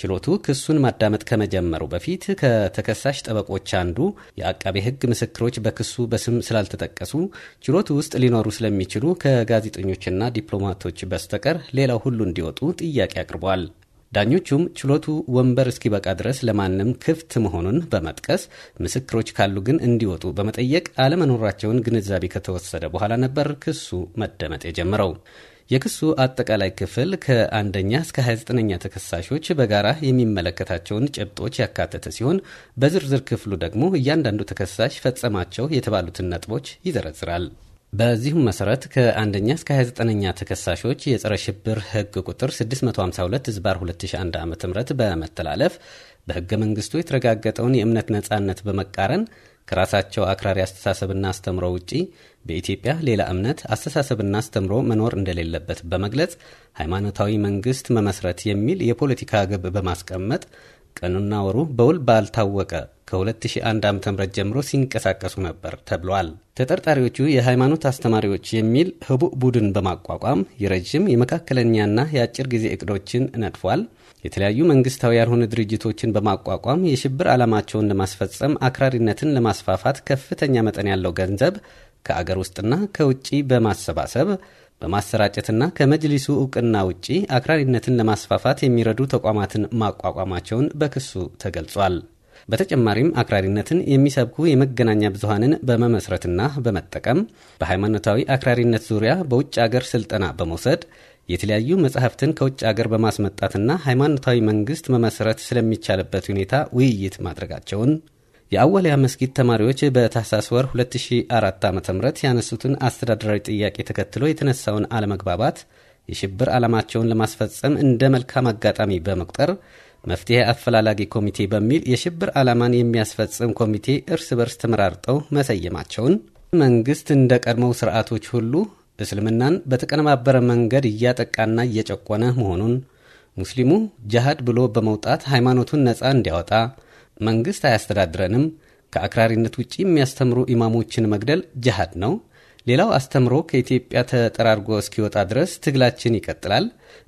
ችሎቱ ክሱን ማዳመጥ ከመጀመሩ በፊት ከተከሳሽ ጠበቆች አንዱ የአቃቤ ሕግ ምስክሮች በክሱ በስም ስላልተጠቀሱ ችሎቱ ውስጥ ሊኖሩ ስለሚችሉ ከጋዜጠኞችና ዲፕሎማቶች በስተቀር ሌላው ሁሉ እንዲወጡ ጥያቄ አቅርቧል። ዳኞቹም ችሎቱ ወንበር እስኪበቃ ድረስ ለማንም ክፍት መሆኑን በመጥቀስ ምስክሮች ካሉ ግን እንዲወጡ በመጠየቅ አለመኖራቸውን ግንዛቤ ከተወሰደ በኋላ ነበር ክሱ መደመጥ የጀመረው። የክሱ አጠቃላይ ክፍል ከአንደኛ እስከ 29ኛ ተከሳሾች በጋራ የሚመለከታቸውን ጭብጦች ያካተተ ሲሆን በዝርዝር ክፍሉ ደግሞ እያንዳንዱ ተከሳሽ ፈጸማቸው የተባሉትን ነጥቦች ይዘረዝራል። በዚሁም መሰረት ከአንደኛ እስከ 29ኛ ተከሳሾች የጸረ ሽብር ህግ ቁጥር 652 ዝባር 2001 ዓ ም በመተላለፍ በህገ መንግስቱ የተረጋገጠውን የእምነት ነጻነት በመቃረን ከራሳቸው አክራሪ አስተሳሰብና አስተምሮ ውጪ በኢትዮጵያ ሌላ እምነት አስተሳሰብና አስተምሮ መኖር እንደሌለበት በመግለጽ ሃይማኖታዊ መንግስት መመስረት የሚል የፖለቲካ ግብ በማስቀመጥ ቀኑና ወሩ በውል ባልታወቀ ከ2001 ዓ.ም ጀምሮ ሲንቀሳቀሱ ነበር ተብሏል። ተጠርጣሪዎቹ የሃይማኖት አስተማሪዎች የሚል ህቡዕ ቡድን በማቋቋም የረዥም የመካከለኛና የአጭር ጊዜ እቅዶችን ነድፏል። የተለያዩ መንግስታዊ ያልሆኑ ድርጅቶችን በማቋቋም የሽብር ዓላማቸውን ለማስፈጸም አክራሪነትን ለማስፋፋት ከፍተኛ መጠን ያለው ገንዘብ ከአገር ውስጥና ከውጭ በማሰባሰብ በማሰራጨትና ከመጅሊሱ እውቅና ውጪ አክራሪነትን ለማስፋፋት የሚረዱ ተቋማትን ማቋቋማቸውን በክሱ ተገልጿል። በተጨማሪም አክራሪነትን የሚሰብኩ የመገናኛ ብዙሀንን በመመስረትና በመጠቀም በሃይማኖታዊ አክራሪነት ዙሪያ በውጭ አገር ስልጠና በመውሰድ የተለያዩ መጽሐፍትን ከውጭ አገር በማስመጣትና ሃይማኖታዊ መንግስት መመስረት ስለሚቻልበት ሁኔታ ውይይት ማድረጋቸውን የአወሊያ መስጊድ ተማሪዎች በታህሳስ ወር 2004 ዓ ም ያነሱትን አስተዳደራዊ ጥያቄ ተከትሎ የተነሳውን አለመግባባት የሽብር ዓላማቸውን ለማስፈጸም እንደ መልካም አጋጣሚ በመቁጠር መፍትሄ አፈላላጊ ኮሚቴ በሚል የሽብር ዓላማን የሚያስፈጽም ኮሚቴ እርስ በርስ ተመራርጠው መሰየማቸውን መንግሥት እንደ ቀድሞው ሥርዓቶች ሁሉ እስልምናን በተቀነባበረ መንገድ እያጠቃና እየጨቆነ መሆኑን ሙስሊሙ ጃሃድ ብሎ በመውጣት ሃይማኖቱን ነፃ እንዲያወጣ መንግሥት አያስተዳድረንም፣ ከአክራሪነት ውጪ የሚያስተምሩ ኢማሞችን መግደል ጃሃድ ነው ሌላው አስተምሮ ከኢትዮጵያ ተጠራርጎ እስኪወጣ ድረስ ትግላችን ይቀጥላል፣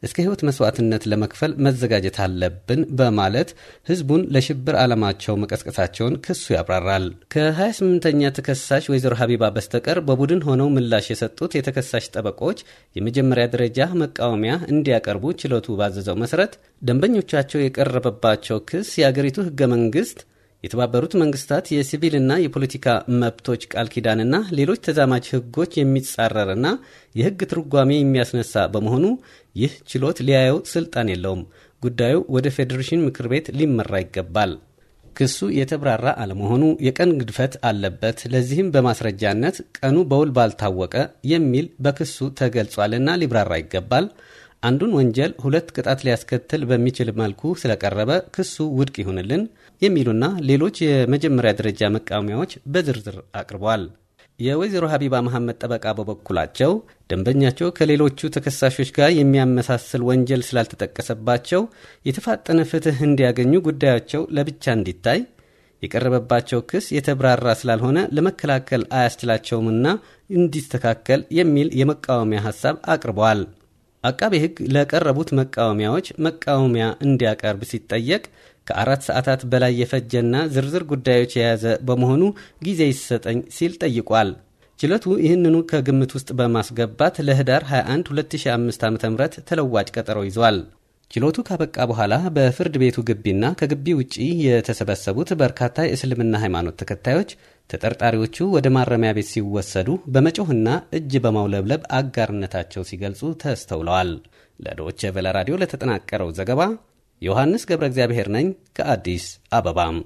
እስከ ሕይወት መስዋዕትነት ለመክፈል መዘጋጀት አለብን በማለት ሕዝቡን ለሽብር ዓላማቸው መቀስቀሳቸውን ክሱ ያብራራል። ከ28ኛ ተከሳሽ ወይዘሮ ሀቢባ በስተቀር በቡድን ሆነው ምላሽ የሰጡት የተከሳሽ ጠበቆች የመጀመሪያ ደረጃ መቃወሚያ እንዲያቀርቡ ችሎቱ ባዘዘው መሰረት ደንበኞቻቸው የቀረበባቸው ክስ የአገሪቱ ሕገ መንግስት የተባበሩት መንግስታት የሲቪልና የፖለቲካ መብቶች ቃል ኪዳንና ሌሎች ተዛማጅ ህጎች የሚጻረርና የህግ ትርጓሜ የሚያስነሳ በመሆኑ ይህ ችሎት ሊያየው ስልጣን የለውም። ጉዳዩ ወደ ፌዴሬሽን ምክር ቤት ሊመራ ይገባል። ክሱ የተብራራ አለመሆኑ የቀን ግድፈት አለበት፣ ለዚህም በማስረጃነት ቀኑ በውል ባልታወቀ የሚል በክሱ ተገልጿልና ሊብራራ ይገባል። አንዱን ወንጀል ሁለት ቅጣት ሊያስከትል በሚችል መልኩ ስለቀረበ ክሱ ውድቅ ይሁንልን የሚሉና ሌሎች የመጀመሪያ ደረጃ መቃወሚያዎች በዝርዝር አቅርቧል። የወይዘሮ ሀቢባ መሐመድ ጠበቃ በበኩላቸው ደንበኛቸው ከሌሎቹ ተከሳሾች ጋር የሚያመሳስል ወንጀል ስላልተጠቀሰባቸው የተፋጠነ ፍትህ እንዲያገኙ ጉዳያቸው ለብቻ እንዲታይ የቀረበባቸው ክስ የተብራራ ስላልሆነ ለመከላከል አያስችላቸውምና እንዲስተካከል የሚል የመቃወሚያ ሀሳብ አቅርበዋል። አቃቤ ሕግ ለቀረቡት መቃወሚያዎች መቃወሚያ እንዲያቀርብ ሲጠየቅ ከአራት ሰዓታት በላይ የፈጀና ዝርዝር ጉዳዮች የያዘ በመሆኑ ጊዜ ይሰጠኝ ሲል ጠይቋል። ችሎቱ ይህንኑ ከግምት ውስጥ በማስገባት ለህዳር 21 2005 ዓ ም ተለዋጭ ቀጠሮ ይዟል። ችሎቱ ካበቃ በኋላ በፍርድ ቤቱ ግቢና ከግቢ ውጪ የተሰበሰቡት በርካታ የእስልምና ሃይማኖት ተከታዮች ተጠርጣሪዎቹ ወደ ማረሚያ ቤት ሲወሰዱ በመጮህና እጅ በማውለብለብ አጋርነታቸው ሲገልጹ ተስተውለዋል። ለዶች ቨለ ራዲዮ ለተጠናቀረው ዘገባ ዮሐንስ ገብረ እግዚአብሔር ነኝ ከአዲስ አበባም